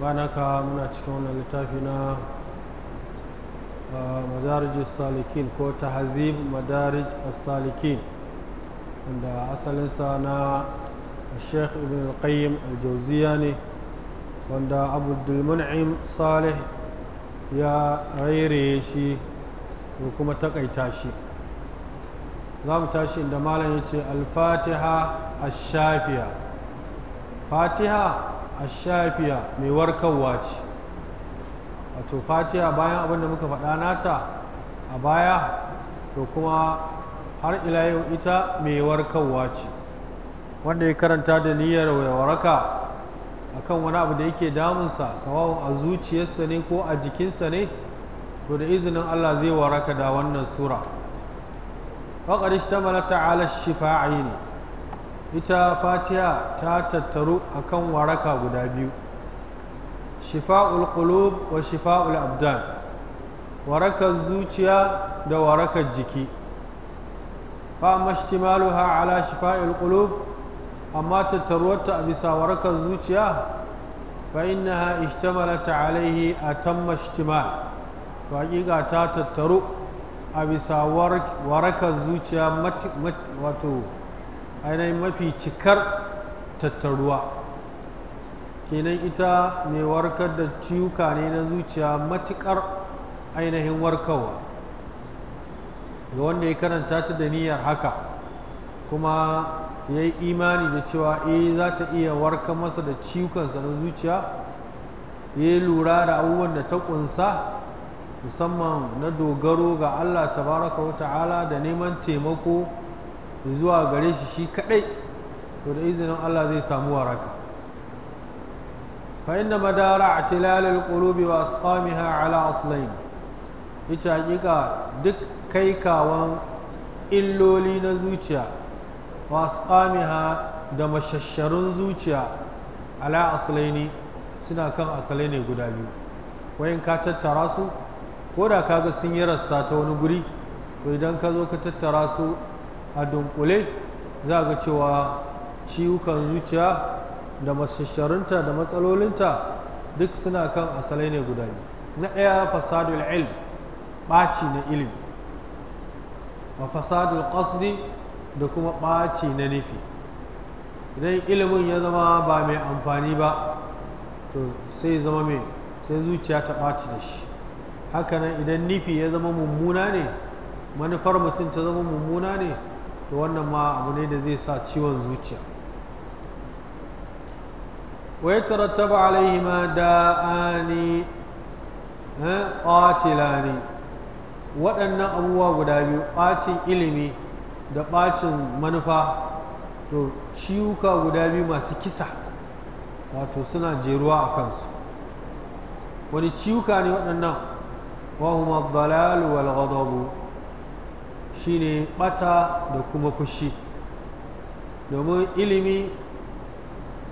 banaka muna cikin wannan littafi na ah, madarij salikin ko tahzib madarij salikin wanda asalinsa na sheikh ibn al-qayyim al-jawziya ne wanda abdulmun'im salih ya rairaye shi da kuma takaita shi za mu tashi inda malam ya ce al-fatiha ash-shafiya fatiha ashafiya mai warkarwa ce wato fatiha bayan abinda muka faɗa nata a baya to kuma har ila yau ita mai warkarwa ce wanda ya karanta da niyyar waraka akan wani abu da yake damunsa sawawun a zuciyarsa ne ko a jikinsa ne to da izinin Allah zai waraka da wannan sura faqad ishtamala ta'ala shifa'i ne ita fatiha ta tattaru akan waraka guda biyu shifa'ul qulub wa shifa'ul abdan warakar zuciya da warakar jiki ba fa ha ala shifa'il qulub amma tattaruwarta a bisa warakar zuciya فإنها a عليه أتم اشتمال فحقيقة تتترو ta tattaru ورك الزوجة مت مت وتو ainihin mafi cikar tattaruwa kenan ita mai warkar da ciwuka ne na zuciya matukar ainihin warkarwa ga wanda ya karanta ta da niyyar haka kuma ya yi imani da cewa eh za ta iya warka masa da ciwukansa na zuciya ya yi lura da abubuwan da ta kunsa, musamman na dogaro ga allah tabaraka wata'ala da neman taimako zuwa gare shi shi kadai to da izinin Allah zai samu waraka fa inna madara tilal alqulubi wa asqamiha ala aslain ita hakika duk kai kawan illoli na zuciya wa asqamiha da mashasharun zuciya ala aslaini suna kan asalai ne guda biyu wayan ka tattara su koda kaga sun yi rassa ta wani guri to idan ka zo ka tattara su a dunkule za ga cewa ciwukan zuciya da masasharinta da matsalolinta duk suna kan asalai ne guda yi. na ɗaya fasadul ilm ɓaci na ilim a fasadul ƙasri da kuma ɓaci na nufi idan ilimin ya zama ba mai amfani ba to sai zama mai sai zuciya ta ɓaci da shi hakanan idan nufi ya zama mummuna ne manufar mutum ta zama mummuna ne to wannan ma abu ne da zai sa ciwon zuciya wa ya tarattaba alaihi ma da'ani qatilani waɗannan abubuwa guda biyu ɓacin ilimi da ɓacin manufa to ciwuka guda biyu masu kisa wato suna jeruwa a kansu wani ciwuka ne waɗannan wahuma dalal wal shine bata da kuma fushi domin ilimi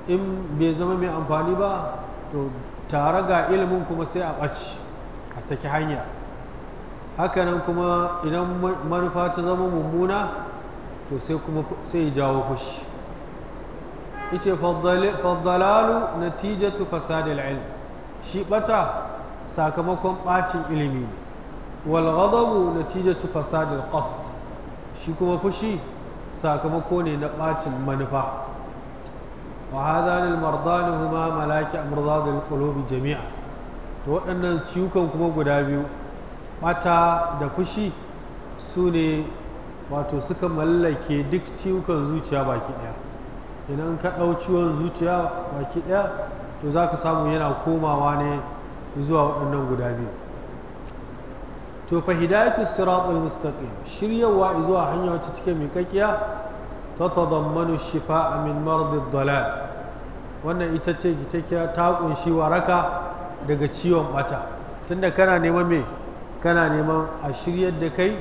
in bai zama mai amfani ba to tare ga ilimin kuma sai a ɓaci a saki hanya hakanan kuma idan manufa ta zama mummuna to sai kuma sai jawo fushi ice faddalalu natijatu fasadil ilm shi bata sakamakon ɓacin ilimi ne wal ghadabu natijatu fasadil qasd shi kuma fushi sakamako ne na ɓacin manufa wa hadhan al malaki amradad al qulubi jami'a to waɗannan ciwukan kuma guda biyu bata da fushi sune wato suka mallake duk ciwukan zuciya baki ɗaya idan ka ɗau ciwon zuciya baki ɗaya to za ka samu yana komawa ne zuwa waɗannan guda biyu to fa hidayatu siratul mustaqim shiryawa zuwa hanya wacce take miƙaƙiya ta tadammanu shifa'a min mardi dalal wannan ita ce take ta kunshi waraka daga ciwon bata tunda kana neman me kana neman a shiryar da kai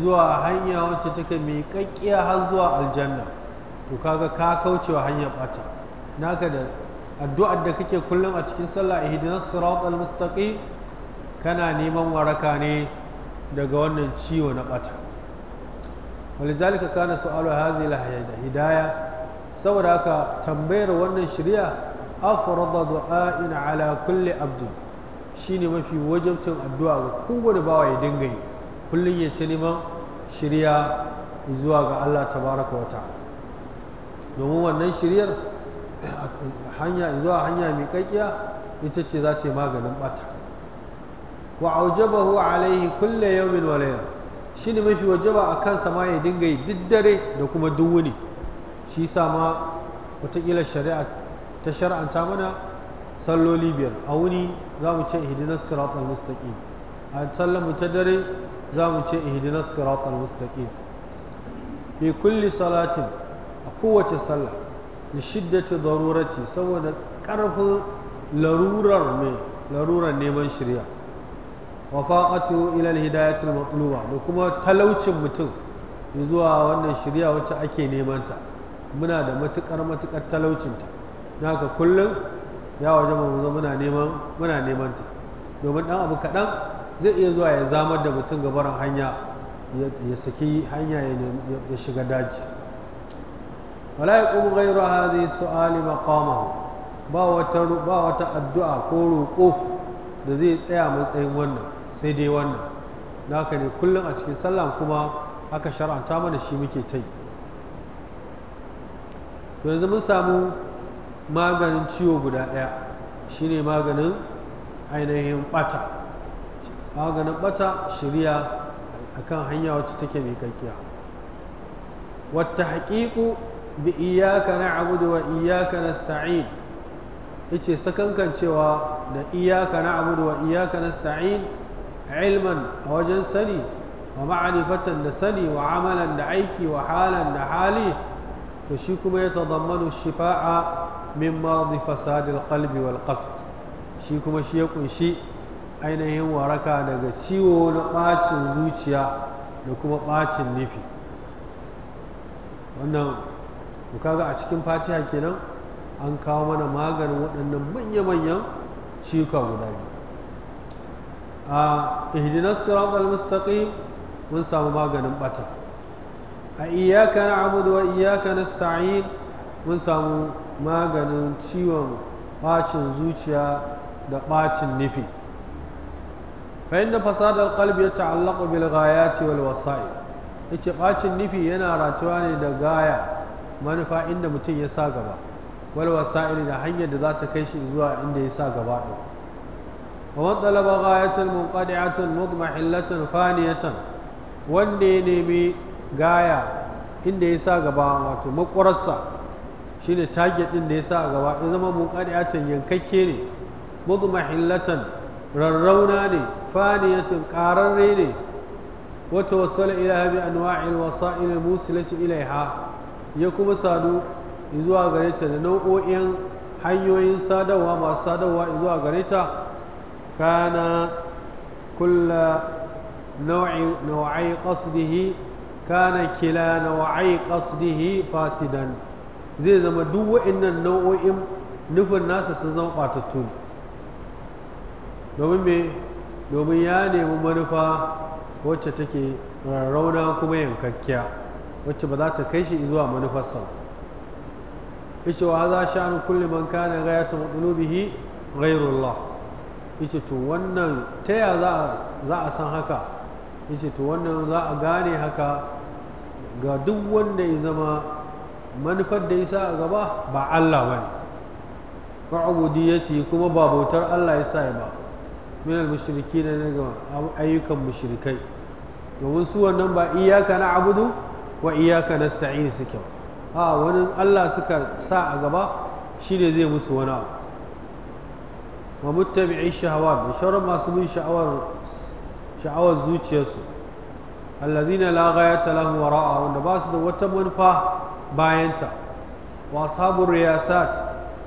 zuwa hanya wacce take miƙaƙiya har zuwa aljanna to kaga ka kaucewa hanyar bata naka da addu'ar da kake kullum a cikin sallah ihdinas siratal mustaqim kana neman waraka ne daga wannan ciwo na bata walizalika kana su'alu hazi la hidaya saboda haka tambayar wannan shirya afrada du'a'in ala kulli abdin shine mafi wajibcin addu'a ga kowane bawa ya dinga yi kullum ya ci neman shirya zuwa ga Allah tabaraka wa ta'ala domin wannan shiryar hanya zuwa hanya mai kakkiya ita ce za ta yi maganin bata wa aujabahu alaihi kulle yawmin wa layla shine mafi wajaba a kan sama ya dinga yi duk dare da kuma duk wuni shi sa ma wataƙila shari'a ta shar'anta mana salloli biyar a wuni za mu ce ihdinas siratal mustaqim a mu ta dare za mu ce ihdinas siratal mustaqim fi kulli salatin a kowace sallah li shiddati darurati saboda karfin larurar mai larurar neman shari'a wafaƙatu ila hidayatul matluba da kuma talaucin mutum zuwa wannan shirya wacce ake neman ta muna da matukar matukar talaucinta na haka kullum ya waje mu zo muna neman ta domin dan abu kaɗan zai iya zuwa ya zamar da mutum gabaran hanya ya saki hanya ya shiga daji wala yaqumu ghayru hadhihi su'ali maqamahu ba wata ba wata addu'a ko roƙo da zai tsaya matsayin wannan sai dai wannan na haka ne kullum a cikin sallah kuma aka shar'anta mana shi muke ta yi to yanzu mun samu maganin ciwo guda ɗaya shine maganin ainihin ɓata maganin ɓata shirya kan hanya wacce take mai kakkiya wata haƙiƙu bi iyaka na abudu wa iyaka na sta'in ice sakankan cewa da iyaka na abudu wa iyaka na sta'in ilman a wajen sani wa ma'arifatan da sani wa amalan da aiki wa halan da hali to shi kuma ya tadammanu shifa'a min mardi fasadil qalbi wal qasd shi kuma shi ya kunshi ainihin waraka daga ciwo na ɓacin zuciya da kuma ɓacin nufi wannan kaga a cikin fatiha kenan an kawo mana maganin waɗannan manya-manyan cika guda biyu a ihdinas siratal mustaqim mun samu maganin bata a iyyaka na'budu wa iyyaka nasta'in mun samu maganin ciwon bacin zuciya da bacin nufi fa inna fasad alqalbi yata'allaqu bil ghayati wal wasa'i yace bacin nufi yana ratuwa ne da gaya manufa inda mutum ya sa gaba wal wasa'il da hanyar da za ta kai shi zuwa inda ya sa gaba ومن طلب غاية منقطعة مضمحلة فانية wanda ya nemi gaya inda ya sa gaba wato makwararsa shine taget ɗin da ya sa gaba ya zama munqadi'atan yankakke ne mudmahillatan rarrauna ne faniyatun ƙararre ne wata wasala ilaha bi anwa'il wasa'il musilati ilaiha ya kuma sadu zuwa gare ta da nau'o'in hanyoyin sadarwa masu sadarwa zuwa gare ta كان كل نوع نوعي قصده كان كلا نوعي قصده فاسدا zai zama duk wa'annan nau'o'in nufin nasa sun zama ɓatattu domin me domin ya nemi manufa wacce take rarrauna kuma yankakkiya wacce ba za ta kai shi zuwa manufarsa ishe wa za sha'an kulli man kana ghayatu matlubihi ghayrullah yace to wannan ta za a san haka yace to wannan za a gane haka ga duk wanda ya zama manufar da yasa a gaba ba Allah bane ce kuma ba bautar Allah yasa ya ba min al-mushriki ne daga ayyukan mushrikai domin su wannan ba iyaka na abudu wa iyaka na nasta'in su kyau a wani Allah suka sa a gaba shine zai musu wani abu ومتبعي الشهوات بشر ما سمي شعور شعور زوجيس الذين لا غاية لهم وراءه ونباس وتمن فا باينتا واصحاب الرياسات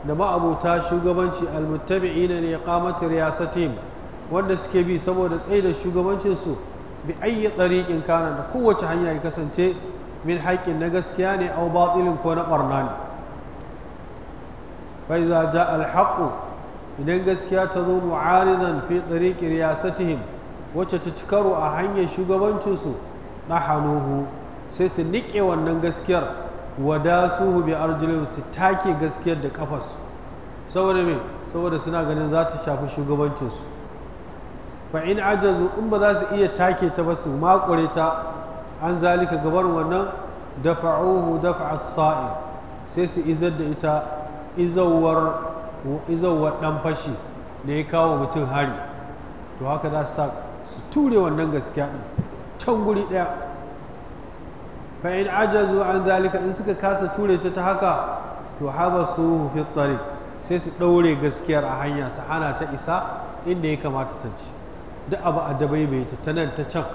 نما ابو تاشو غبنشي المتبعين لإقامة رياستهم وندس كبي سمو نسعيد الشو بأي طريق إن كان قوة حيا يكسن من حيك النقس كياني أو باطل كون قرناني فإذا جاء الحق idan gaskiya ta zo mu'aridan fi tsariƙi riyasatihim wacce ta ci karo a hanyar shugabancinsu na hanuhu sai su niƙe wannan gaskiyar wada su bi arjulin su take gaskiyar da kafas saboda me saboda suna ganin za ta shafi shugabancinsu fa in ajazu in ba za su iya take ta ba su makure ta an zalika gabar wannan dafa'uhu dafa'as sa'i sai su izar da ita izawar ko izowar ɗan fashi da ya kawo mutum hari to haka za su ture wannan gaskiya ɗin can guri ɗaya fa in ajazu an zalika in suka kasa ture ta ta haka to haba su fi sai su ɗaure gaskiyar a hanya su hana ta isa inda ya kamata ta ci duk abu a dabai bai ta nan ta can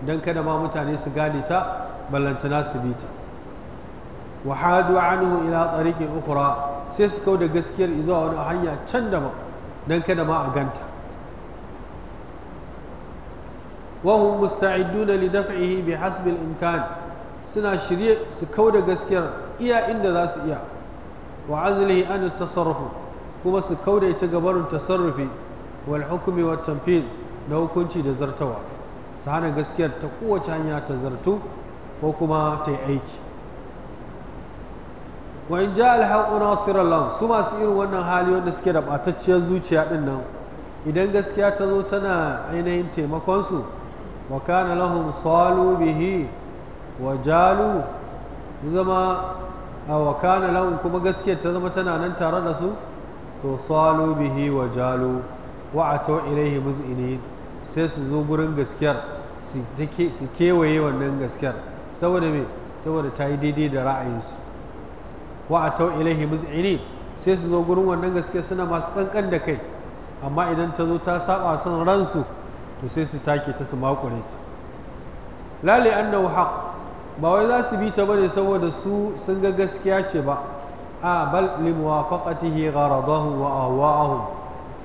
don kada ma mutane su gane ta ballantana su bi ta وحادوا عنه إلى طريق أخرى سيسكو دا غسكير إذا أنا حيا تندم ننك ما أغنت وهم مستعدون لدفعه بحسب الإمكان سنا شريع سكو دا غسكير إيا إند ذاس إيا وعزله أن التصرف كما سكو دا يتقبر التصرف والحكم والتنفيذ لو كنت دزرتوا سهانا غسكير تقوة تانيا تزرتو وكما تأيكي wa in ja alhaqu nasiran lahum su masu irin wannan hali wanda suke da batacciyar zuciya din nan idan gaskiya ta zo tana ainihin taimakon su wa kana lahum salu bihi wa jalu zama a wa kana lahum kuma gaskiya ta zama tana nan tare da su to salu bihi wa jalu wa atau ilaihi muz'inin sai su zo gurin gaskiyar su kewaye wannan gaskiyar saboda me saboda ta yi daidai da ra'ayinsu wa tau ilaihi muz'ini sai su zo gurin wannan gaske suna masu kankan da kai amma idan ta zo ta saba son ransu to sai su take ta su makure ta lali annahu haq ba wai za su bi ta bane saboda su sun ga gaskiya ce ba a bal li muwafaqatihi gharadahu wa ahwa'ahum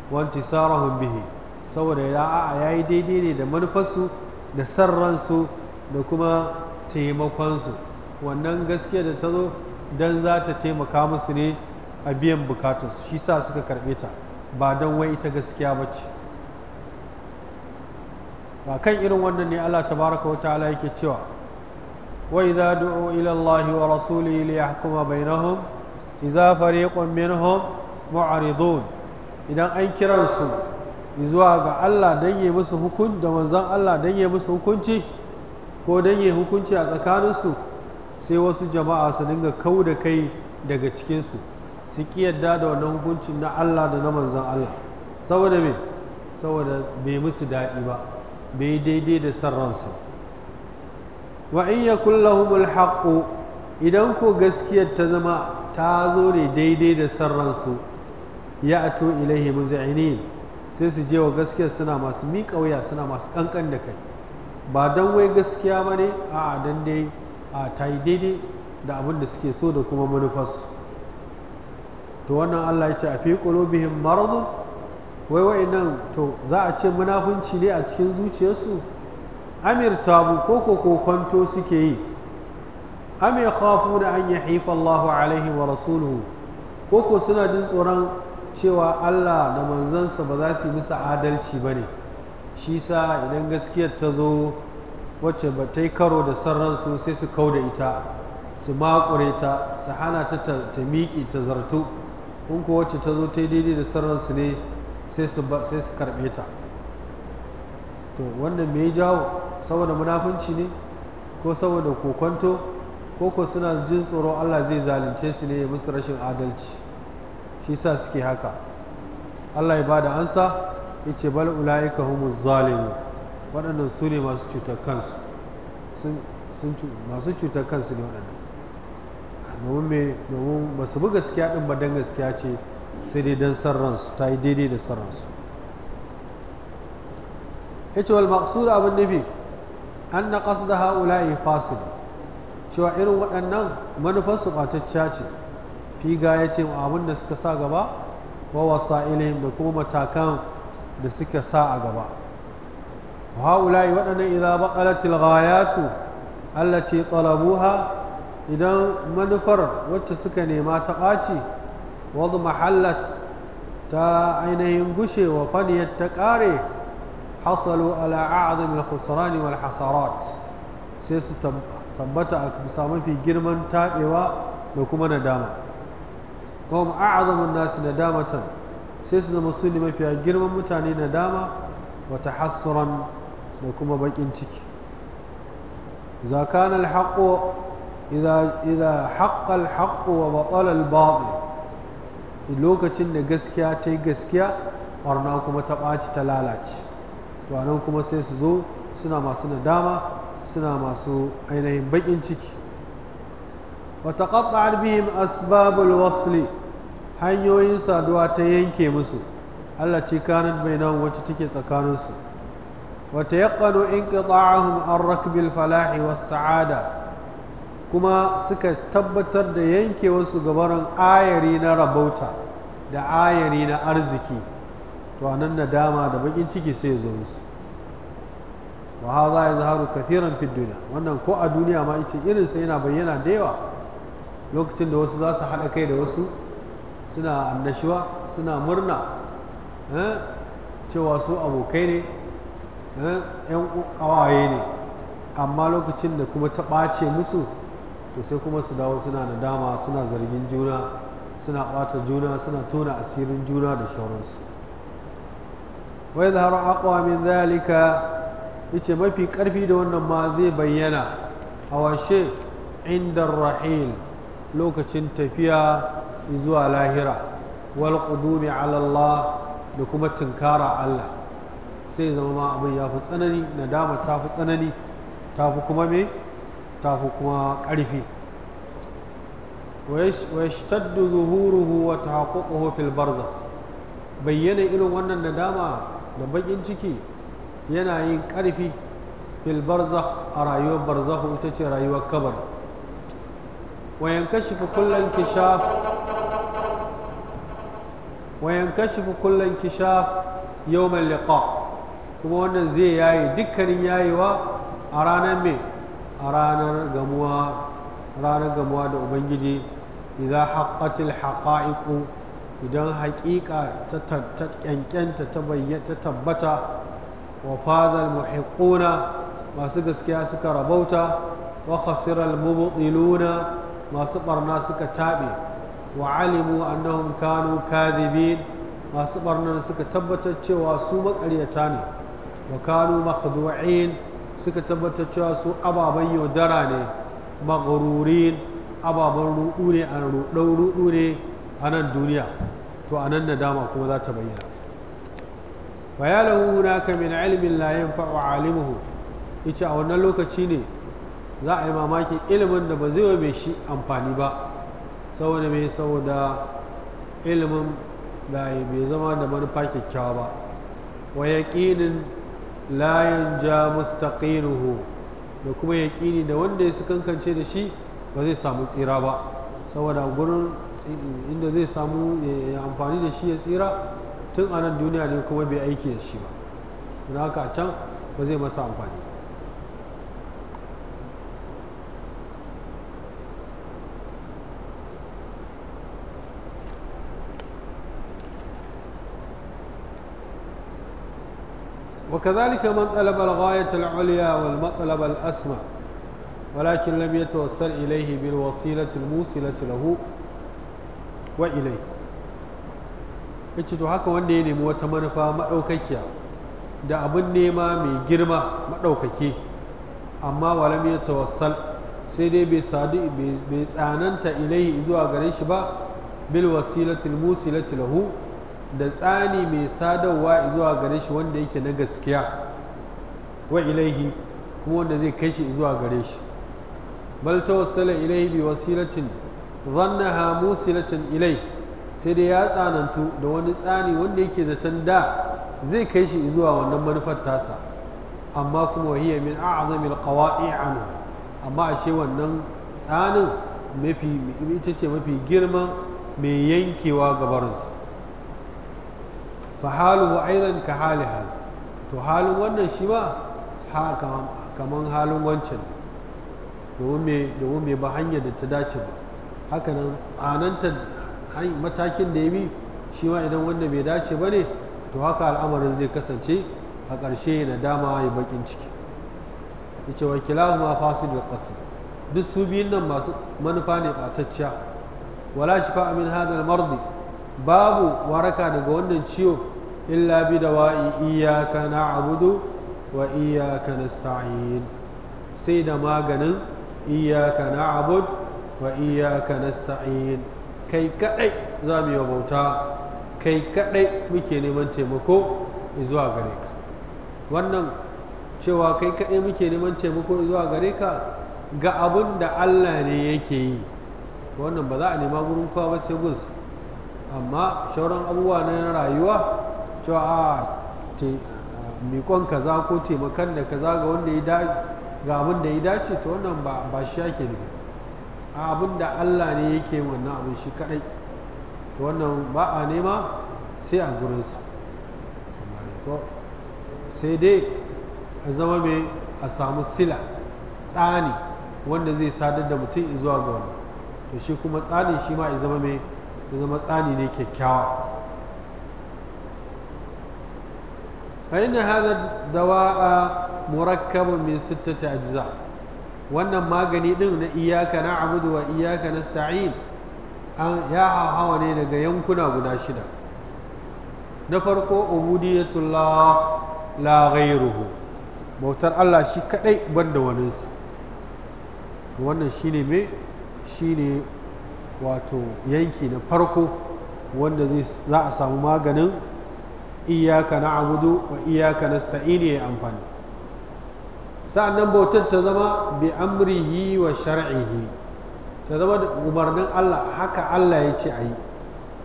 wa intisarahum bihi saboda ya a yayi daidai ne da manufarsu da san ransu da kuma taimakonsu wannan gaskiya da ta zo don za ta taimaka musu ne a biyan bukatunsu shi sa suka karɓe ta ba don wai ita gaskiya ba ce ba kan irin wannan ne Allah tabaraka wa ta'ala yake cewa wa idza du'u ila Allah wa rasulihi li yahkuma bainahum idza fariqun minhum mu'ridun idan an kiransu su zuwa ga Allah dan yi musu hukunci da manzon Allah dan yi musu hukunci ko dan yi hukunci a tsakaninsu sai wasu jama'a su dinga kau da kai daga cikinsu su ki yadda da wannan hukuncin na Allah da na manzan Allah saboda me saboda bai musu daɗi ba bai daidai da san wa in yakul lahumul haqqu idan ko gaskiyar ta zama ta zo ne daidai da san ransu ya ato ilaihi muzainin sai su je wa gaskiyar suna masu miƙa wuya suna masu kankan da kai ba don wai gaskiya ba ne a'a dan dai a ta yi daidai da abin da suke so da kuma manufarsu to wannan Allah ya ce a fi qulubihim maradun wai nan to za a ce munafunci ne a cikin zuciyarsu amir tabu ko ko kokonto suke yi am da an yahifa Allahu alaihi wa rasuluhu Koko ko suna jin tsoron cewa Allah da manzansa ba za su yi musu adalci ba ne. shi sa idan gaskiyar ta zo wacce ba ta yi karo da sarransu sai su kau da ita su makure ta su hana ta ta miƙi ta zartu in wacce ta zo ta yi daidai da sarransu ne sai su karɓe ta to wannan me jawo saboda munafunci ne ko saboda kokonto ko ko suna jin tsoron Allah zai zalunce su ne musu rashin adalci shi sa suke haka Allah ya bada ansa yace bal ulaika humuz zalimun waɗannan su ne masu cutar kansu ne waɗannan domin me domin ba su bi gaskiya ɗin ba don gaskiya ce sai dai don san ta yi daidai da san ransu ya ce wal abin nufi an na ƙasa da ha'ula'i fasil cewa irin waɗannan su ɓatacciya ce figa ya ce abin da suka sa gaba wa wasa ilin da kuma matakan da suka sa a gaba haulayi waɗannan idza baqalatil ghayatu allati talabuha idan manufar wacce suka nema ta ɓaci wadda mahallat ta ainihin gushewa faniyar ta ƙare hasalu ala a'azim al-khusrani wal hasarat sai su tabbata a bisa mafi girman taɓewa da kuma nadama kuma a'azamun nasu nadamatan sai su zama su ne mafiya girman mutane nadama wata hasaran. da kuma bakin ciki za kana idan idza idza wa batala lokacin da gaskiya ta yi gaskiya barna kuma ta ɓaci ta lalace to kuma sai su zo suna masu nadama suna masu ainihin bakin ciki wata ƙaɗa bihim asbabul wasli hanyoyin saduwa ta yanke musu Allah ce kanin bai nan wacce take tsakaninsu وتيقنوا انقطاعهم عن ركب الفلاح والسعادة كما سكا تبتر دا ينكي وسقبرا آيرين ربوتا دا آيرين أرزكي وأنا الندامة دا بجين تيكي سيزوز وهذا يظهر كثيرا في الدنيا وأنا كو الدنيا ما إيتي إرن سينا بينا ديوا لوكتن da wasu za su haɗa kai da wasu suna annashuwa suna murna cewa su abokai ne Eh, yan kawaye ne amma lokacin da kuma ta ɓace musu to sai kuma su dawo suna nadama suna zargin juna suna ɓata juna suna tona asirin juna da shauransu wai da zaharar akwa min zalika yace mafi ƙarfi da wannan ma zai bayyana a washe inda rahil lokacin tafiya zuwa lahira wal qudumi ala Allah da kuma tunkara Allah sai zama ma abin ya fi tsanani nadama ta fi tsanani ta fi kuma me ta fi kuma karfi wa yashtaddu zuhuruhu wa tahaqququhu fil barza bayyana irin wannan nadama da bakin ciki yana yin ƙarfi fil barza a rayuwar barza ko ita ce rayuwar kabar wa yankashifu kullan kishaf wa yankashifu kullan kishaf yawmal liqa' kuma wannan zai yaye dukkanin yayewa a ranar mai a ranar gamuwa ranar gamuwa da ubangiji idan haƙatil haƙa'iku idan haƙiƙa ta ƙyanƙyanta ta tabbata wa fazal muhiqquna masu gaskiya suka rabauta wa khasiral mubtiluna masu barna suka taɓe wa alimu annahum kanu kadhibin masu barna suka tabbatar cewa su maƙaryata ne wa kanu makhdu'in suka tabbatar cewa su ababen yaudara ne maghrurin ababen rudu ne a rudau rudu ne a nan duniya to anan nan nadama kuma za ta bayyana lahu hunaka min ilmin la yanfa'u alimuhu yace a wannan lokaci ne za a yi mamakin ilimin da ba zai mai shi amfani ba saboda mai saboda ilimin da bai zama da manufa kyakkyawa ba wa yaqinin layan jamus ta mustaqiluhu da kuma yaƙini da wanda ya kankance da shi ba zai samu tsira ba saboda gurin inda zai samu ya amfani da shi ya tsira tun a nan duniya ne kuma bai aiki da shi ba don haka a can ba zai masa amfani ba وكذلك من طلب الغاية العليا والمطلب الأسمى ولكن لم يتوصل إليه بالوسيلة الموصلة له وإليه yace to haka wanda ya nemi wata manufa maɗaukakiya da abin nema mai girma maɗaukaki amma walam ya tawassal sai dai bai sadu bai tsananta ilaihi zuwa gare shi ba bil wasilatil musilati lahu da tsani mai sadarwa zuwa gare shi wanda yake na gaskiya wa ilaihi kuma wanda zai kai shi zuwa gare shi bal ta wasala ilaihi bi wasilatin ha musilatin ilai sai dai ya tsanantu da wani tsani wanda yake zaton da zai kai shi zuwa wannan manufar tasa amma kuma wahiya min a'zamil qawai anhu amma ashe wannan tsanin mafi ita ce mafi girma mai yankewa gabarinsa fa haluhu aidan ka hali haza to halin wannan shi ma kaman halin wancan domin mai ba hanyar da ta dace ba hakanan tsananta matakin da ya bi shi ma idan wanda bai dace ba ne to haka al'amarin zai kasance a ƙarshe na dama ya bakin ciki yace wa kilahu ma fasid da qasd duk su biyun nan masu manufa ne batacciya wala shifa min hadal mardi babu waraka daga wannan ciwo إلا بدواء إياك نعبد وإياك نستعين سيد ما قنن إياك نعبد وإياك نستعين كي كأي زامي وبوتا كي كأي مكي نمان تيمكو إزوا غريك wannan cewa kai kaɗai muke neman taimako zuwa gare ka ga abin da Allah ne yake yi wannan ba za a nema gurin kowa ba sai gus amma shauran abubuwa na rayuwa cewa a te mikon kaza ko taimakon da kaza ga wanda ya dace ga abin da ya dace ta wannan ba shi yake ne a abin da Allah ne yake wannan abin shi kadai to wannan ba a nema sai a gurinsa sai dai a zama mai a samu sila tsani wanda zai sadar da mutum zuwa ga wani to shi kuma tsani shi ma ya zama mai ya zama tsani ne kyakkyawa فإن هذا الدواء مركب من ستة أجزاء wannan magani ɗin na iyaka na abudu wa iyaka na sta'in ya hawa ne daga yankuna guda shida na farko ubudiyatullah la ghairuhu bautar Allah shi kadai banda waninsa wannan shine me shine wato yanki na farko wanda za a samu maganin iyaka na abudu wa iyaka na sta'ini ya amfani sa'annan bautar ta zama bi yi wa shar'ihi ta zama da umarnin Allah haka Allah ya ce a yi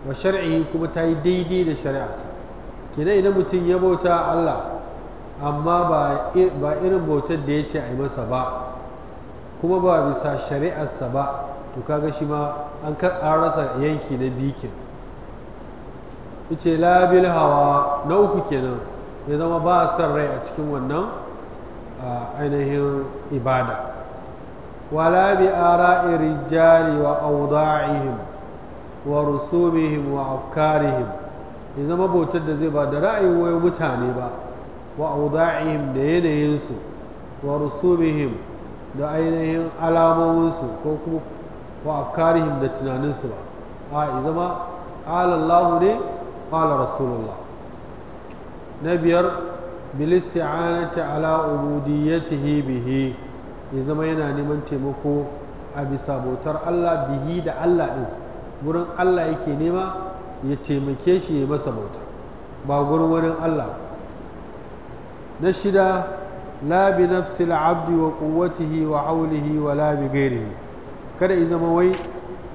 wa shar'ihi kuma ta yi daidai da shari'arsa kina idan mutum ya bauta Allah amma ba irin bautar da ya ce a yi masa ba kuma ba bisa shari'arsa ba to kaga shi ma an rasa yanki na bikin ce labil hawa na uku kenan ya zama ba a son rai a cikin wannan ainihin ibada Wa bi ara'i rijali wa awda'ihim wa rusumihim wa afkarihim ya zama bautar da zai ba da ra'ayin wayo mutane ba wa da yanayinsu wa rusumihim da ainihin alamominsu ko kuma wa afkarihim da tunaninsu ba a zama ƙalallahu ne qala rasulullah na biyar bil isti'anati ala ubudiyyatihi bihi ya zama yana neman taimako a bisa bautar Allah bihi da Allah din gurin Allah yake nema ya taimake shi ya masa bauta ba wurin Allah na shida labi bi nafsi al-abdi wa quwwatihi wa hawlihi wa la bi kada ya zama wai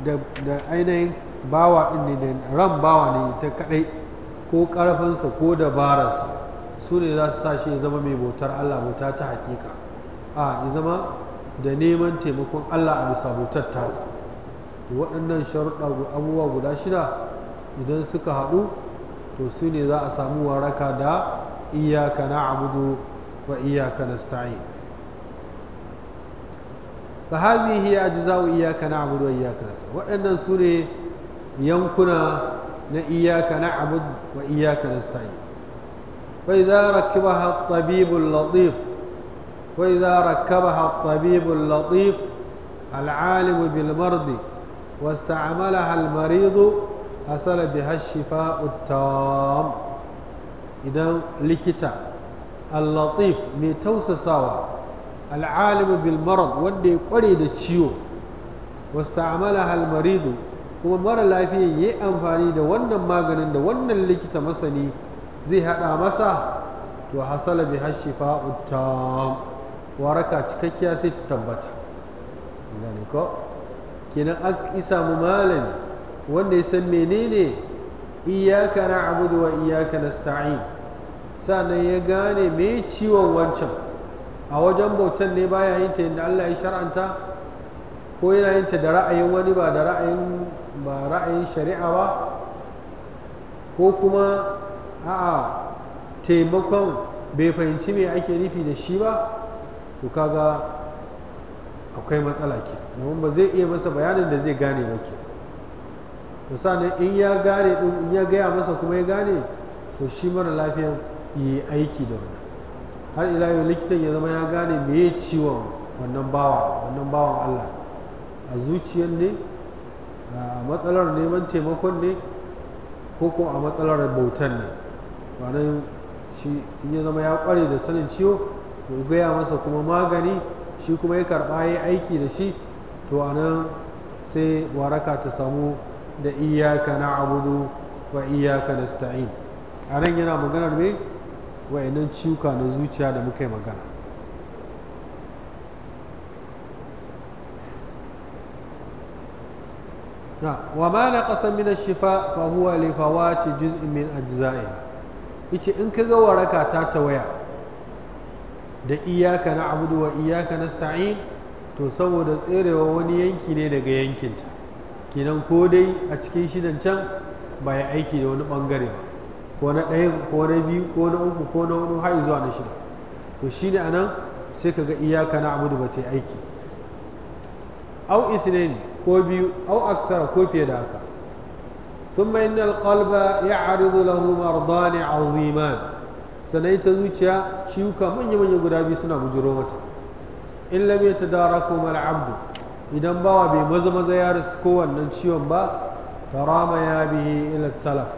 da ainihin bawa ɗin ne da ran bawa ne ta kaɗai ko karfinsa ko dabararsa su ne za su sa shi ya zama mai bautar Allah bauta ta hakika a ya zama da neman taimakon Allah a bisa bautar tasa to waɗannan sharuɗa abubuwa guda shida idan suka haɗu to su ne za a samu waraka da iyaka na abudu wa iyaka na sta'in fa hazihi ajza'u iyaka na abudu wa iyaka na waɗannan su ne yankuna نإياك نعبد وإياك نستعين فإذا ركبها الطبيب اللطيف وإذا ركبها الطبيب اللطيف العالم بالمرض واستعملها المريض حصل بها الشفاء التام إذا لكتا اللطيف ميتوس سوا العالم بالمرض ودي قريد تشيو واستعملها المريض kuma mara lafiyan ya yi amfani da wannan maganin da wannan likita masani zai haɗa masa to hasala bi hashi fa'utta waraka cikakkiya sai ta tabbata gane ko kenan an mu malami wanda ya san menene iyyaka na'budu abudu wa iyyaka na sannan ya gane me ciwon wancan a wajen bautan ne baya yin ta yadda Allah ya shar'anta ko yana yin ta da ra'ayin wani ba da ra'ayin ba ra'ayin shari'a ba ko kuma a'a taimakon bai fahimci me ake nufi da shi ba to kaga akwai matsala ke domin ba zai iya masa bayanin da zai gane ba ke to in ya gane din in ya gaya masa kuma ya gane to shi mara lafiyan yi aiki da wani har ila yau likitan ya zama ya gane me ciwon wannan bawa wannan bawan Allah a zuciyar ne a matsalar neman taimakon ne ko ko a matsalar bautan ne ranar shi in ya zama ya kware da sanin ciwo to gaya masa kuma magani shi kuma ya karɓa ya aiki da shi to a nan sai waraka ta samu da iyaka na abudu wa iyaka na sta'in a nan yana maganar mai wa'inan ciwuka na zuciya da muka yi magana wa ma na ƙasa min shifa fa huwa li fawati juz'in min ajza'i yace in ka ga waraka ta tawaya da iyaka na abudu wa iyaka nasta'in to saboda tserewa wani yanki ne daga yankinta kinan ko dai a cikin shidan can ba ya aiki da wani bangare ba ko na ɗayan ko na biyu ko na uku ko na hudu har zuwa na shida to shi ne anan sai ka ga iyaka na abudu ba ta aiki au ithnain ko biyu au aksara ko fiye da haka ثم إن القلب يعرض له مرضان عظيمان sannan ita zuciya ciwuka manya-manya guda biyu suna bujiro mata in lam yatadaraka mal abdu idan bawa bai maza maza ya rasu ko wannan ciwon ba rama ya bihi ila talaf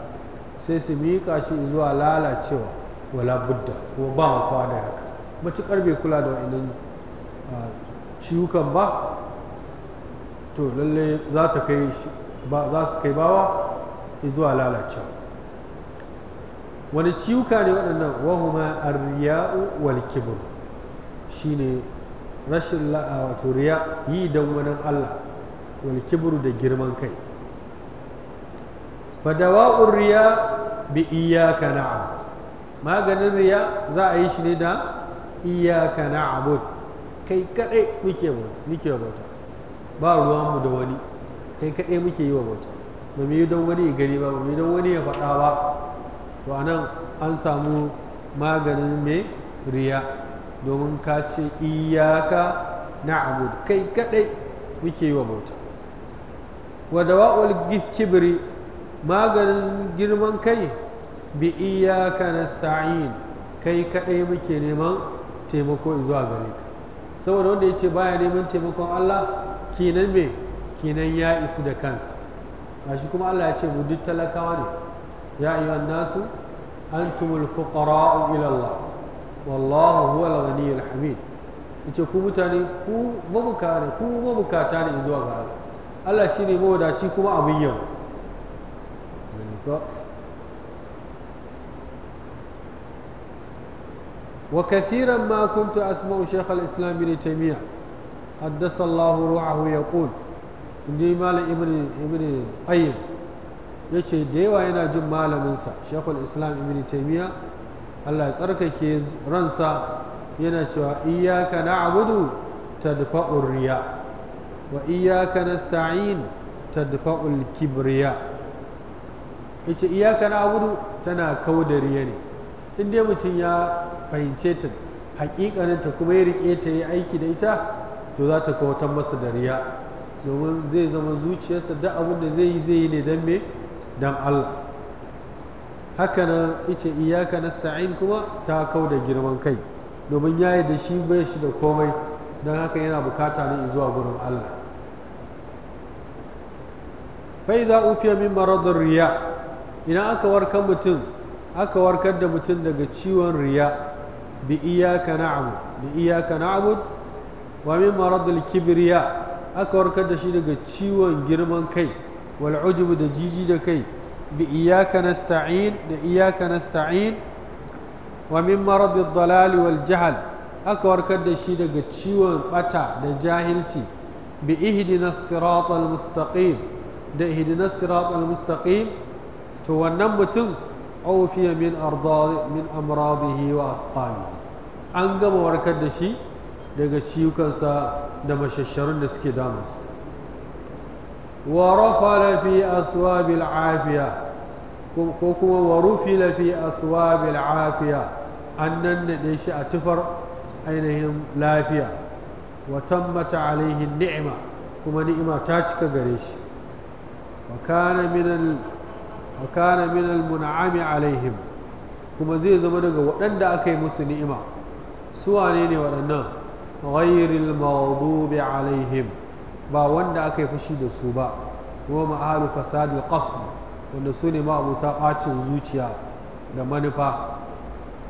sai su miƙa shi zuwa lalacewa wala budda kuma ba wa da haka matukar bai kula da wainan ah, ciwukan ba to lalle za ta kai ba za su kai bawa zuwa lalacewa wani ciwuka ne waɗannan wahuma arriya'u wal kibr shine rashin la'a wato riya yi dan wani Allah wal kibru da girman kai fadawa'ur riya bi iyyaka na'am maganin riya za a yi shi ne da iyyaka na'bud kai kaɗai muke bauta ba ruwanmu da wani kai kaɗai muke yi wa bauta ba mu yi don wani ya gani ba ba mu yi don wani ya faɗa ba to a nan an samu maganin mai riya domin ka ce iyaka na'bud kai kaɗai muke yi wa bauta wa dawa'ul kibri maganin girman kai bi iyaka nasta'in kai kaɗai muke neman taimako zuwa gare ka saboda wanda ya ce baya neman taimakon Allah kenan me kenan ya isu da kansa gashi kuma Allah ya ce mu duk talakawa ne ya ayyuhan nasu antumul fuqara'u ila Allah wallahu huwal ghaniyyul hamid yace ku mutane ku mabuka ne ku mabukata ne zuwa ga Allah Allah shine mawadaci kuma abin yau وكثيرا ما كنت أسمع شيخ الإسلام ابن تيمية haddasa Allah ru'ahu ya ƙul in ji malam ibn ya ce da yawa yana jin malaminsa shekul islam ibn taimiyya Allah ya tsarkake ransa yana cewa iyaka ta tadfa'ur Uriya. wa iyaka nasta'in tadfa'ul kibriya yace iyaka Abudu tana da riya ne in dai mutum ya fahimce ta hakikanin ta kuma ya rike ta yi aiki da ita to za ta kawatar masa da riya domin zai zama zuciyarsa da abin da zai yi zai yi ne don me don Allah haka ice iyaka nasta'in kuma ta kau da girman kai domin ya yi da shi bai shi da komai don haka yana bukata ne zuwa gurin Allah fai za ufiya min maradar riya ina aka warkar mutum aka warkar da mutum daga ciwon riya bi iyaka na'amu bi iyaka wa min maradul kibriya aka warkar da shi daga ciwon girman kai wal da jiji da kai bi iyyaka nasta'in da iyyaka nasta'in wa min maradul dalal wal jahl aka warkar da shi daga ciwon bata da jahilci bi ihdinas siratal mustaqim da ihdina siratal mustaqim to wannan mutum awfiya min arda min amradihi wa asfani. an gama warkar da shi daga ciwukansa da mashasharun da suke damus wa rafala fi aswabil afiya ko kuma wa rufila fi aswabil afiya an nannade shi a tufar ainihin lafiya wa tammata alaihi ni'ima kuma ni'ima ta cika gare shi wa kana min wa kana min al-mun'ami alaihim kuma zai zama daga waɗanda aka yi musu ni'ima su wane ne waɗannan ghairil maghdubi alaihim ba wanda aka yi fushi da su ba kuma ma'alu fasadil qasd wanda su ne ma'abuta bacin zuciya da manufa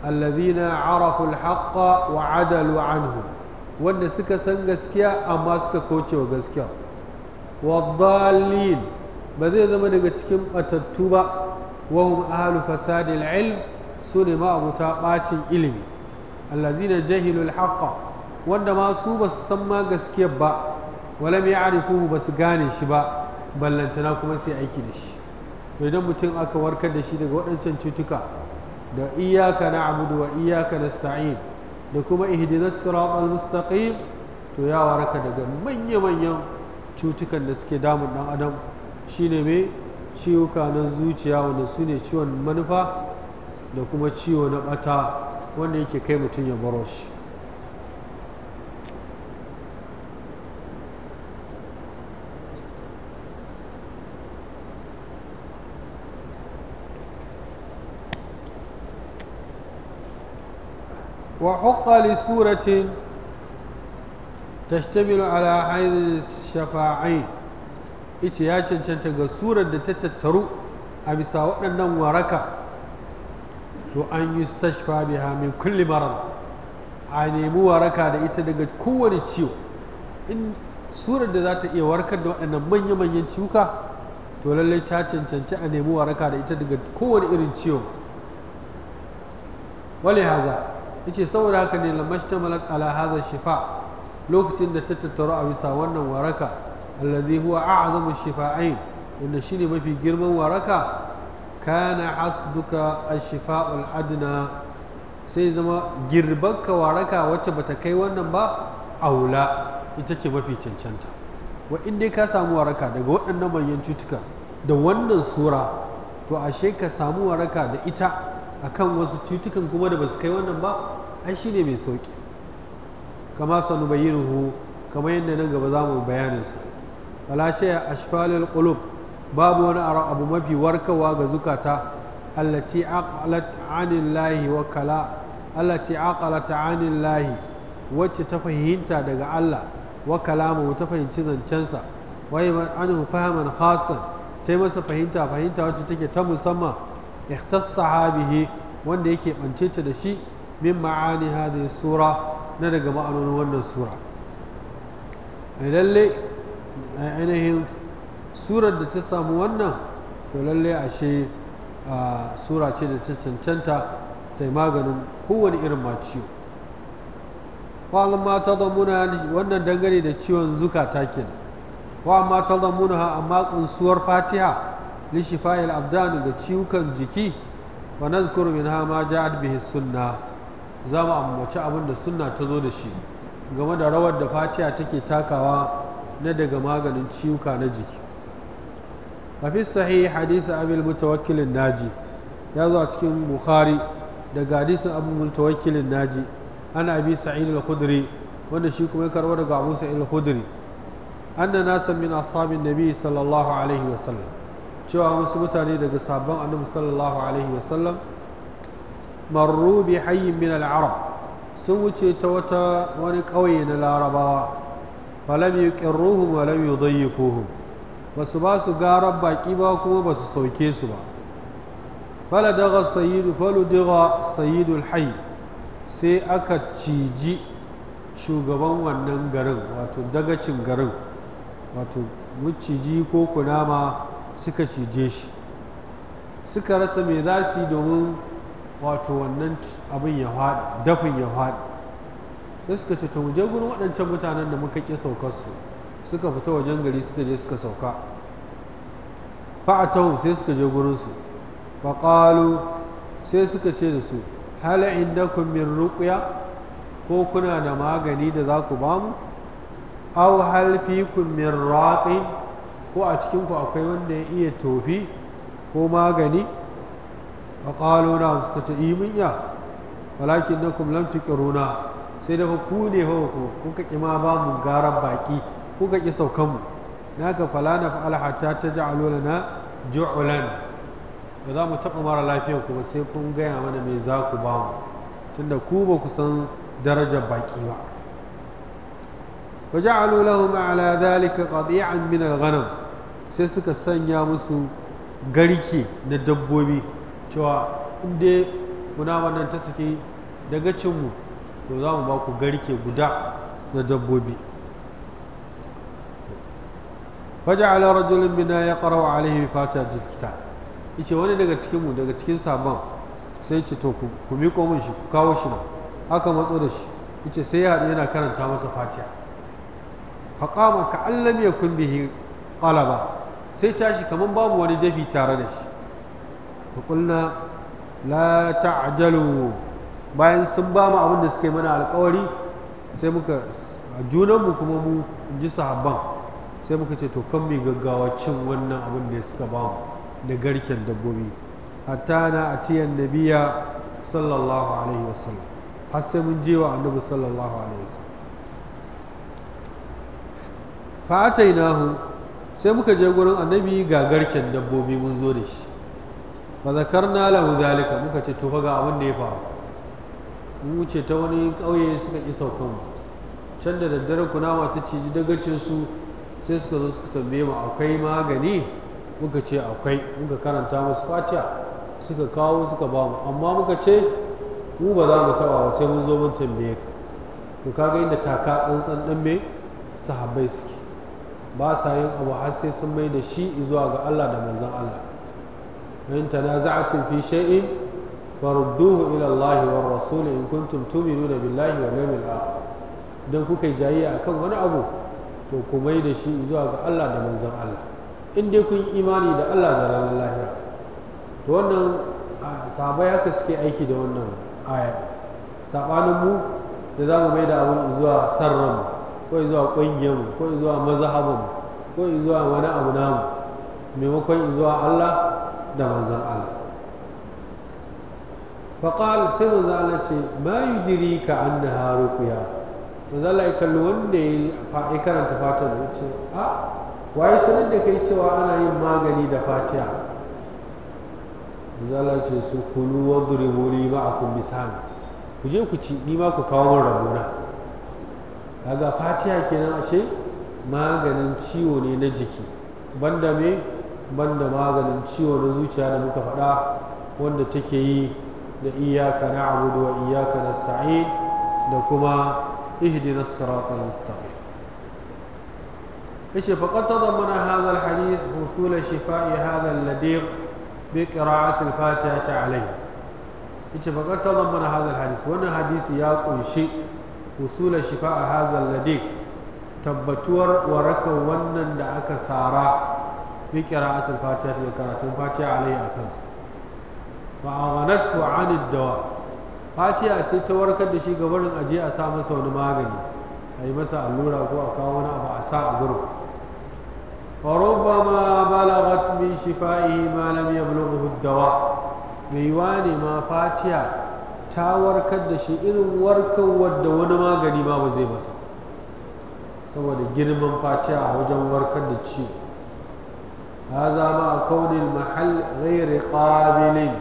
allazina arafu alhaqqa wa adalu anhu wanda suka san gaskiya amma suka kauce wa gaskiya ba zai zama daga cikin batattu ba wa hum ahlu fasadil ilm su ne ma'abuta bacin ilimi allazina jahilu alhaqqa wanda ma su ba su san ma gaskiyar ba walam ya arifuhu ba su gane shi ba ballantana kuma sai aiki da shi to idan mutum aka warkar da shi daga waɗancan cutuka da iyaka na abudu wa iyaka na sta'in da kuma ihdinas siratal mustaqim to ya waraka daga manya-manyan cutukan da suke damun ɗan adam shine mai ciwuka na zuciya wanda su ne ciwon manufa da kuma ciwo na bata wanda yake kai mutum ya baro shi وحق لسورة تشتمل على عين الشفاعين ita ya cancanta ga surar da ta tattaru a bisa waɗannan waraka to an yi stashfa ha min kulli marar a nemi waraka da ita daga kowane ciwo in surar da za ta iya warkar da waɗannan manya-manyan ciwuka to lallai ta cancanci a nemi waraka da ita daga kowane irin ciwo wale haza yace saboda haka ne lamashtamalak ala hadha shifa lokacin da ta tattaru a bisa wannan waraka allazi huwa a'zamu shifa'ain wanda shine mafi girman waraka kana hasbuka ash-shifa'ul adna sai zama girbanka waraka wacce bata kai wannan ba aula ita ce mafi cancanta wa dai ka samu waraka daga waɗannan manyan cutuka da wannan sura to ashe ka samu waraka da ita akan wasu cutukan kuma da basu kai wannan ba ai shi ne mai sauki kama sanu bayyinuhu kama yadda nan gaba za mu bayanin su wala shay'a ashfalil qulub babu wani abu mafi warkawa ga zukata allati aqalat anillahi wa kala allati aqalat anillahi wacce ta fahimta daga Allah wa kalamu ta fahimci zancensa wai anhu fahaman khassan ta masa fahimta fahimta wacce take ta musamman ikhtassaha bihi wanda yake bance ta da shi min ma'ani hadhihi sura na daga ma'anonin wannan sura ai lalle ainihin surar da ta samu wannan to lalle ashe sura ce da ta cancanta ta yi maganin kowane irin ma ciwo ma ta zamuna wannan dangane da ciwon zukata kenan wa amma ta zamuna amma kunsuwar fatiha li shifa'il abdan ga ciwukan jiki wa nazkuru minha ma ja'at bihi sunna za mu ambaci abin da sunna ta zo da shi game da rawar da fatiha take takawa na daga maganin ciwuka na jiki mafi sahih hadisi abil mutawakkilin naji ya zo a cikin bukhari daga hadisin abu mutawakkilin naji ana abi sa'id al-khudri wanda shi kuma ya karɓo daga abu sa'id al-khudri anna nasan min ashabin nabi sallallahu alaihi sallam. cewa wasu mutane daga sabon annabi sallallahu alaihi wasallam marru bi hayyin min al-arab sun wuce ta wata wani ƙauye na larabawa falam yuqirruhum wa lam yudayyifuhum basu ba su garar baki ba kuma basu sauke su ba faladagha sayyidu faludigha sayyidul hayy sai aka ciji shugaban wannan garin wato dagacin garin wato muciji ko kunama suka cije shi suka rasa mai za su yi domin wato wannan abin ya faɗi dafin ya faɗi da suka ce to je gurin waɗancan mutanen da muka ƙi saukar su suka fita wajen gari suka je suka sauka fa'atahum sai suka je gurin su faƙalu sai suka ce da su hala indakum min ruqya ko kuna da magani da za ku ba mu aw hal fikum min raqin ko a cikinku akwai wanda ya iya tofi ko magani a ƙalona suka ce imin eh, ya walakin na kumlam tuƙiruna sai da ku ne ku kuka ƙi ma ba mu garan baƙi ka ƙi saukanmu na ka fala na Alhata ta ji alola na ju'ulan ba za mu taɓa mara lafiyar ku ba sai kun gaya mana mai za ku ba mu tunda ku ba ku san darajar baƙi ba فجعلوا ja'alu lahum ala dhalika qadi'an min al sai suka sanya musu garke na dabbobi cewa in dai kuna wannan ta suke daga cinmu to za mu ba ku garke guda na dabbobi فجعل رجل منا يقرأ عليه فاتحة الكتاب yace wani daga cikin mu daga cikin saban sai ce to ku miƙo mun shi ku kawo shi na aka matso da shi yace sai ya yana karanta masa fatiha faƙama ka allam ya kun bihi ƙalaba sai tashi kamar babu wani dafi tare da shi faƙulna la ta'jalu bayan sun ba mu abin da suke mana alƙawari sai muka junanmu kuma mu ji sahabban sai muka ce to kan mai gaggawa cin wannan abin da suka ba mu da garken dabbobi hatta na atiyan nabiya sallallahu alaihi wasallam har sai mun je wa annabi sallallahu alaihi wasallam fatai sai muka je gurin annabi ga garken dabbobi mun zo da shi fa zakarna lahu zalika muka ce to fa ga abin da ya faru mun wuce ta wani kauye suka ƙi saukan can da daddare kunawa ta ciji dagacin su sai suka zo suka tambaye mu akwai magani muka ce akwai muka karanta musu fatiha suka kawo suka ba mu amma muka ce mu ba za mu taɓa ba sai mun zo mun tambaye ka to kaga inda taka tsantsan ɗan me sahabbai suke ba sa yin abu har sai sun mai da shi zuwa ga Allah da manzon Allah in tanaza'atum fi shay'in farudduhu ila Allah wa rasul in kuntum tu'minuna billahi wal yawmil akhir dan kuka jayi akan wani abu to ku mai da shi zuwa ga Allah da manzon Allah in dai kun imani da Allah da ranar lahira to wannan sahabbai haka suke aiki da wannan aya sabanin mu da za mu mai da abun zuwa sarran ko zuwa ƙungiyarmu ko zuwa mazhabinmu ko zuwa wani abu namu maimakon zuwa Allah da manzon Allah faƙal sai manzon Allah ce ma yi jiri ka annaha ruqya manzon Allah ya kalli wanda ya karanta fata da ce a waye sanar da kai cewa ana yin magani da fatiya manzon Allah ce su kulu wa ba a ma'akum bisan ku je ku ci ni ma ku kawo min rabona kaga fatiha kenan ashe maganin ciwo ne na jiki banda me banda maganin ciwo na zuciya da muka faɗa wanda take yi da iyaka na abudu wa iyaka na sta'in da kuma ihdina siratal mustaqim ايش فقد تضمن هذا الحديث حصول شفاء هذا Fatiha ta alai? عليه ايش da mana هذا الحديث Wannan حديث ya ƙunshi. usulul shifa a hazal ladik tabbatuwar warakan wannan da aka sara bi qira'atul fatiha da karatun fatiha alai a kansa fa aghanatu anid dawa fatiha sai ta warkar da shi ga barin aje a sa masa wani magani a yi masa allura ko a kawo wani abu a sa a gurin fa rubbama balagat min shifa'ihi ma lam yablughu ad-dawa mai yiwa ne ma fatiha ta warkar da shi irin warkar wadda wani magani ba zai masa saboda girman fatiha a wajen warkar da ci ya zama a kaunin mahal ghairi qabilin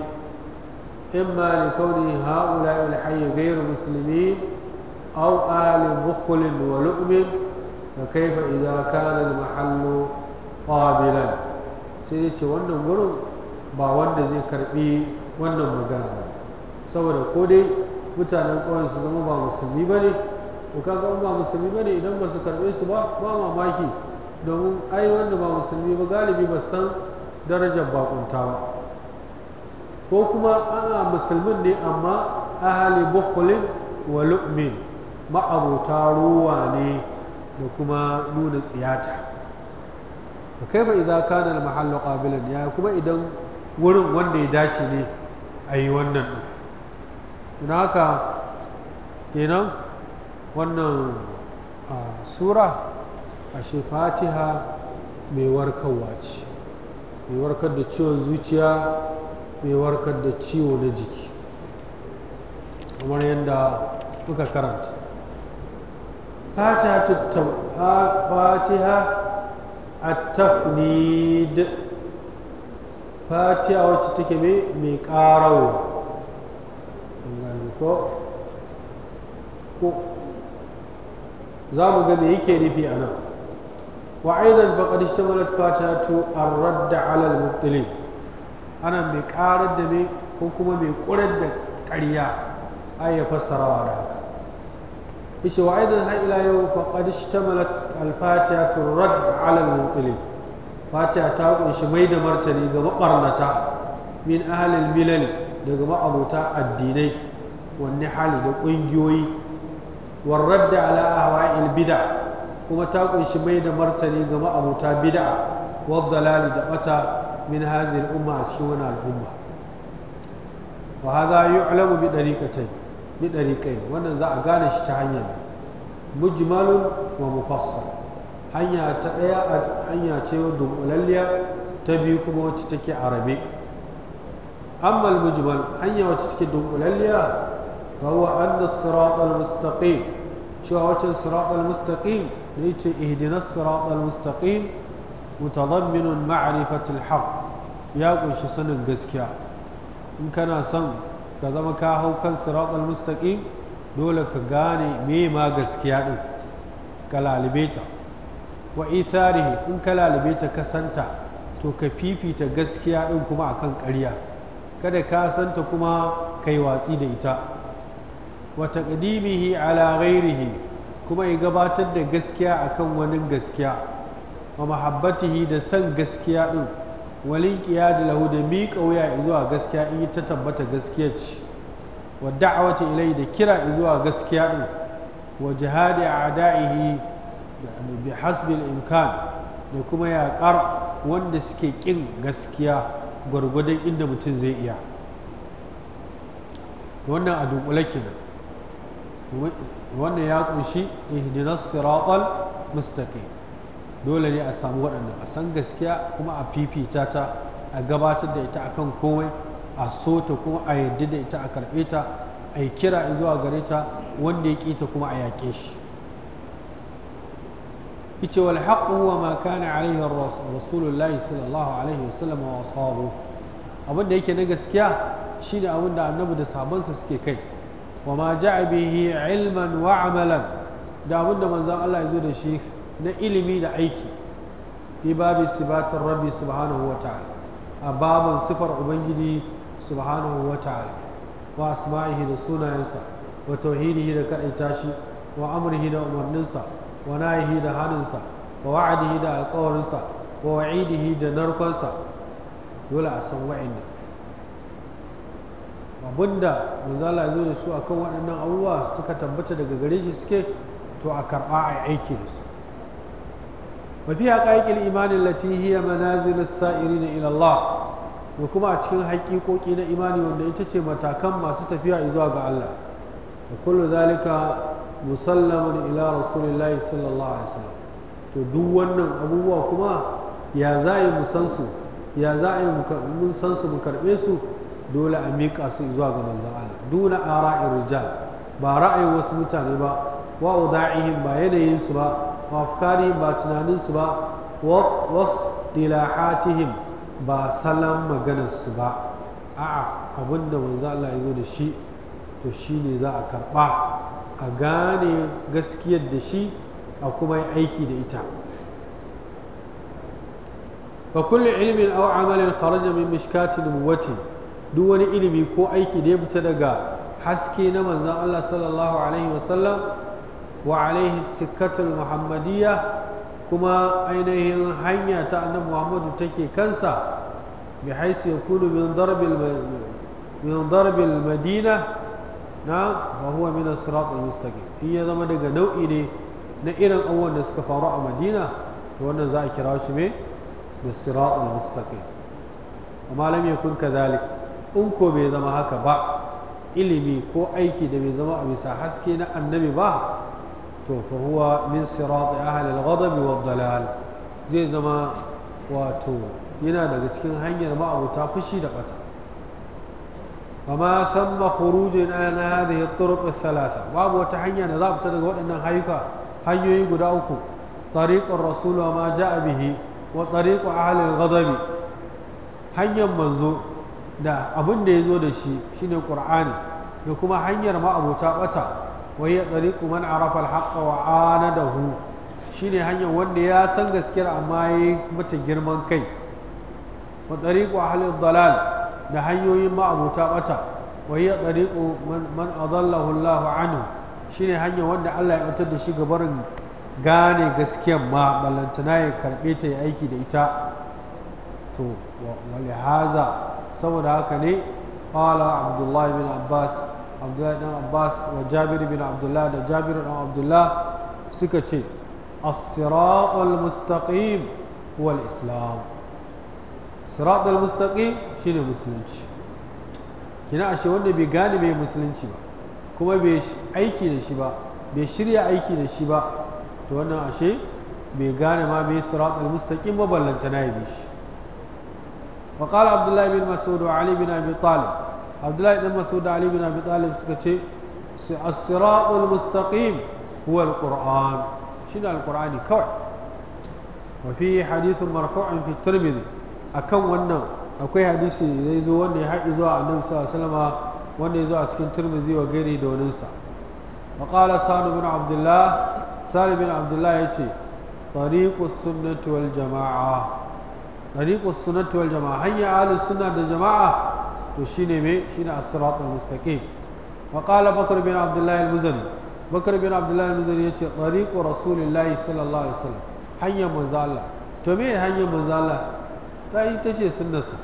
in ma li kauni haula il hayy ghairu muslimi aw ali bukhul wa lu'min fa kayfa idha kana al mahall qabilan sai ce wannan gurin ba wanda zai karbi wannan magana ba saboda ko dai mutanen ƙauyen su zama ba musulmi ba ne ko kaga ba musulmi ba ne idan ba su karɓe su ba ba mamaki domin ai wanda ba musulmi ba galibi ba san darajar bakunta ba ko kuma ana musulmin ne amma ahali bukulin wa lu'min ma'abuta ruwa ne da kuma nuna tsiyata da kai ba idan kana mahallu qabilan ya kuma idan wurin wanda ya dace ne a yi wannan don haka kenan wannan sura ashe fatiha mai warkarwa ce mai warkar da ciwon zuciya mai warkar da ciwo na jiki kamar yadda muka karanta fatiha at-tafnid fatiha wacce take mai ƙarawa ko za mu ga me yake nufi a nan wa aidan faqad ishtamalat fatatu ar-radd 'ala al-mubtilin ana mai karar da me ko kuma mai ƙurar da ƙarya ai ya fassarawa da haka ishe wa aidan har ila yau faqad ishtamalat al-fatatu ar-radd 'ala al-mubtilin ta kunshi mai da martani ga maɓarnata min ahlil milal daga ma'abuta addinai wani hali da ƙungiyoyi warradda ala'a ala'awa ilbida kuma ta ƙunshi mai da martani ga ma'abuta bida wadda lali da bata min hazin umma a cikin wani al'umma wa haza yi alamu bi ɗari kai wannan za a gane shi ta hanyar ne wa mufassar hanya a hanya ce wa ta biyu kuma wacce take arabe amma mujmal hanya wacce take dunkulalliya فهو أن الصراط المستقيم شو وجه الصراط المستقيم ليش اهدنا الصراط المستقيم متضمن معرفة الحق يا قش سن قسكيا إن كان سن كذا ما كاهو كان صراط المستقيم دولة كغاني مي ما قسكيا كلالبيتا وإيثاره إن كلالبيتا كسنتا to ka fifita gaskiya ɗin kuma akan ƙarya kada ka santa kuma kai watsi da ita wa taqdimihi ala ghairihi kuma ya gabatar da gaskiya akan wani gaskiya wa mahabbatihi da san gaskiya din walin da lahu da miƙa wuya zuwa gaskiya in ta tabbata gaskiya ce wa da'awata ilai da kira zuwa gaskiya din wa jihadi a'da'ihi bi hasbil imkan da kuma yaƙar wanda suke ƙin gaskiya gwargwadon inda mutum zai iya wannan a dunkule kenan wannan ya kunshi ihdinas siratal mustaqim dole ne a samu waɗannan a san gaskiya kuma a fifita ta a gabatar da ita akan komai a sota kuma a yarda da ita a karɓe ta a yi kira zuwa gare ta wanda ya ƙi ta kuma a yaƙe shi ita wal haqu wa ma kana alaihi rasulullahi sallallahu alaihi wasallam wa ashabu abin da yake na gaskiya shine abin da annabi da sabansa suke kai wa ma ja'a bihi ilman wa amalan da da manzon Allah ya zo da shi na ilimi da aiki fi babi sifatar rabbi subhanahu wa ta'ala a babin sifar ubangiji subhanahu wa ta'ala wa asma'ihi da sunayensa wa tauhidihi da kadaita shi wa amrihi da umarninsa wa nahihi da haninsa wa wa'adihi da alƙawarinsa wa wa'idihi da narkonsa dole a san wa'annan abinda manzala ya zo da su akan waɗannan abubuwa suka tabbata daga gare shi suke to a karɓa a aiki da su mafi haƙaƙin imanin latihiya manazilin sa'iri na ilallah da kuma a cikin haƙiƙoƙi na imani wanda ita ce matakan masu tafiya zuwa ga Allah da kullu zalika musallamun ila rasulillahi sallallahu alaihi wasallam to duk wannan abubuwa kuma ya za mu san su ya za mun san su mu karɓe su dole a miƙa su zuwa ga manzan Allah duna ara'in rijal ba ra'ayin wasu mutane ba wa uda'ihim ba su ba wa afkarihim ba tunaninsu ba wa dilahatihim ba maganar maganarsu ba a'a abinda da manzan Allah ya zo da shi to shi ne za a karɓa a gane gaskiyar da shi a kuma yi aiki da ita فكل علم أو amalin خرج من مشكات نبوته duk wani ilimi ko aiki da ya fita daga haske na manzan Allah sallallahu alaihi wasallam wa alaihi sikatul muhammadiyya kuma ainihin hanya ta annabi muhammadu take kansa bi haisu yakunu min min madina na wa huwa min as mustaqim in ya zama daga nau'i ne na irin abubuwan da suka faru a madina to wannan za a kira shi me da sirat mustaqim amma lam yakun kadhalik in ko bai zama haka ba ilimi ko aiki da bai zama a bisa haske na annabi ba to fa huwa min sirati ahli al-ghadab wa dalal zai zama wato yana daga cikin hanyar ma'abuta fushi da bata amma thamma khurujin an hadhihi at-turuq ath-thalatha babu wata hanya da za a fita daga waɗannan hayuka hanyoyi guda uku tariqur rasul wa ma ja'a bihi wa tariqu ahli al-ghadab hanyar manzo da abin da ya zo da shi shine qur'ani da kuma hanyar ma'abuta bata wai ya kuma na arafa alhaqqa wa anadahu shine hanyar wanda ya san gaskiyar amma ya mata girman kai wa a halin dalal da hanyoyin ma'abuta bata wai ya tsariku man adallahu Allah anhu shine hanyar wanda Allah ya batar da shi gabarin gane gaskiyar ma ballantana ya karɓe ta yi aiki da ita to wale haza saboda haka ne qala abdullahi bin abbas abdullahi dan abbas wa jabir bin Abdullahi da jabir dan Abdullahi, suka ce as-siratul mustaqim wal islam siratul mustaqim shine musulunci kina ashe wanda bai gane mai musulunci ba kuma bai aiki da shi ba bai shirya aiki da shi ba to wannan ashe bai gane ma mai siratul mustaqim ba ballanta na yabe shi wa qala abdullahi bin mas'ud wa ali bin abi talib abdullahi bin mas'ud da ce as-siratul mustaqim huwa al-qur'an shine al-qur'ani kawai wa fi hadithun marfu'un fi akan wannan akwai hadisi da ya zo wanda ya haɗi zuwa annabi sallallahu alaihi wasallam wanda ya a cikin tirmidhi wa gairi da waninsa وقال سالم بن عبد الله سالم بن عبد الله يتي طريق السنة tariqu sunnati wal jama'a hanya ahlus sunna da jama'a to shine me shine as-sirat al-mustaqim wa qala bakr bin abdullah al-muzani bakr bin abdullah al-muzani yace tariqu rasulillahi sallallahu alaihi wasallam hanya manzo Allah to me hanya manzo Allah ta ita ce sunnarsa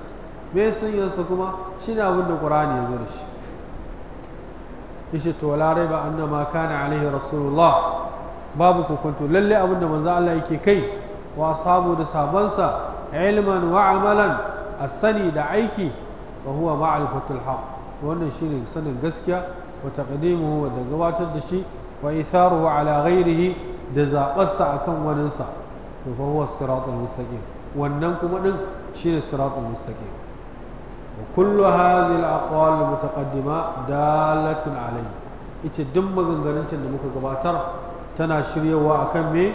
me sunnarsa kuma shine abin da qur'ani ya zura da shi yace to la raiba anna ma kana alaihi rasulullah babu kokonto lalle abin da manzo Allah yake kai wa sabu da sabansa علما وعملا السني دعيكي وهو معرفة الحق وأن الشيء سن الجسكة وتقديمه ودقوات الدشي وإثاره على غيره دزا قصع كم وننسى فهو الصراط المستقيم وننكم من شين الصراط المستقيم وكل هذه الأقوال المتقدمة دالة عليه إيش الدم غنغن أنت نمك قباتر تنا وأكمي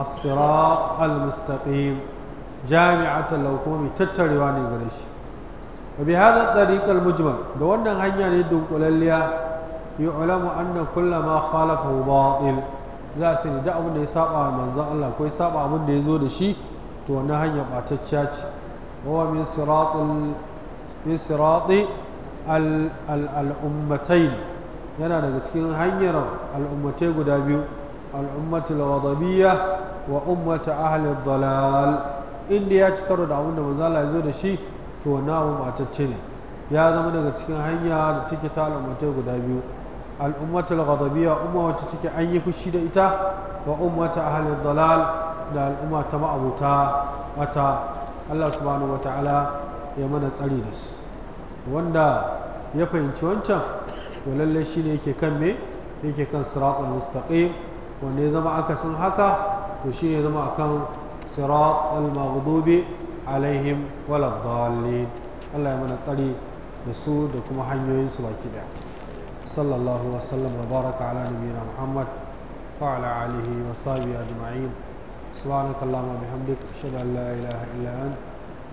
الصراط المستقيم Jami'a jami'ata mai tattarewa ne gare shi wa bi hadha tariqal mujmal da wannan hanya ne dunkulalliya yu'lamu anna kulla ma khalafahu batil za su da abin da ya saba manzon Allah ko ya saba abin da ya zo da shi to wannan hanya batacciya ce wa min siratil min sirati al'ummatai yana daga cikin hanyar al'ummatai guda biyu ummatul wadabiyya wa ummata ahlid dalal inda ya ci karo da abin da manzo Allah ya zo da shi to na abu matacce ne ya zama daga cikin hanya da take ta al'ummata guda biyu al'ummatul ghadabiyya umma wacce take an yi fushi da ita wa ummata ahlul dalal da al'umma ta ma'abuta wata. Allah subhanahu wataala ya mana tsari da su wanda ya fahimci wancan to lallai shine yake kan me yake kan siratul mustaqim wanda ya zama aka san haka to shine ya zama akan صراط المغضوب عليهم ولا الضالين اللهم نتقي نسود كما حيوين سباكي صلى الله وسلم وبارك على نبينا محمد وعلى آله وصحبه أجمعين سبحانك اللهم وبحمدك أشهد أن لا إله إلا أنت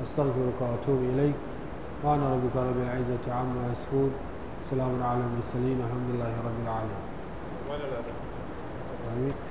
أستغفرك وأتوب إليك وأنا ربك رب العزة عما يصفون سلام على المرسلين الحمد لله رب العالمين. Thank you.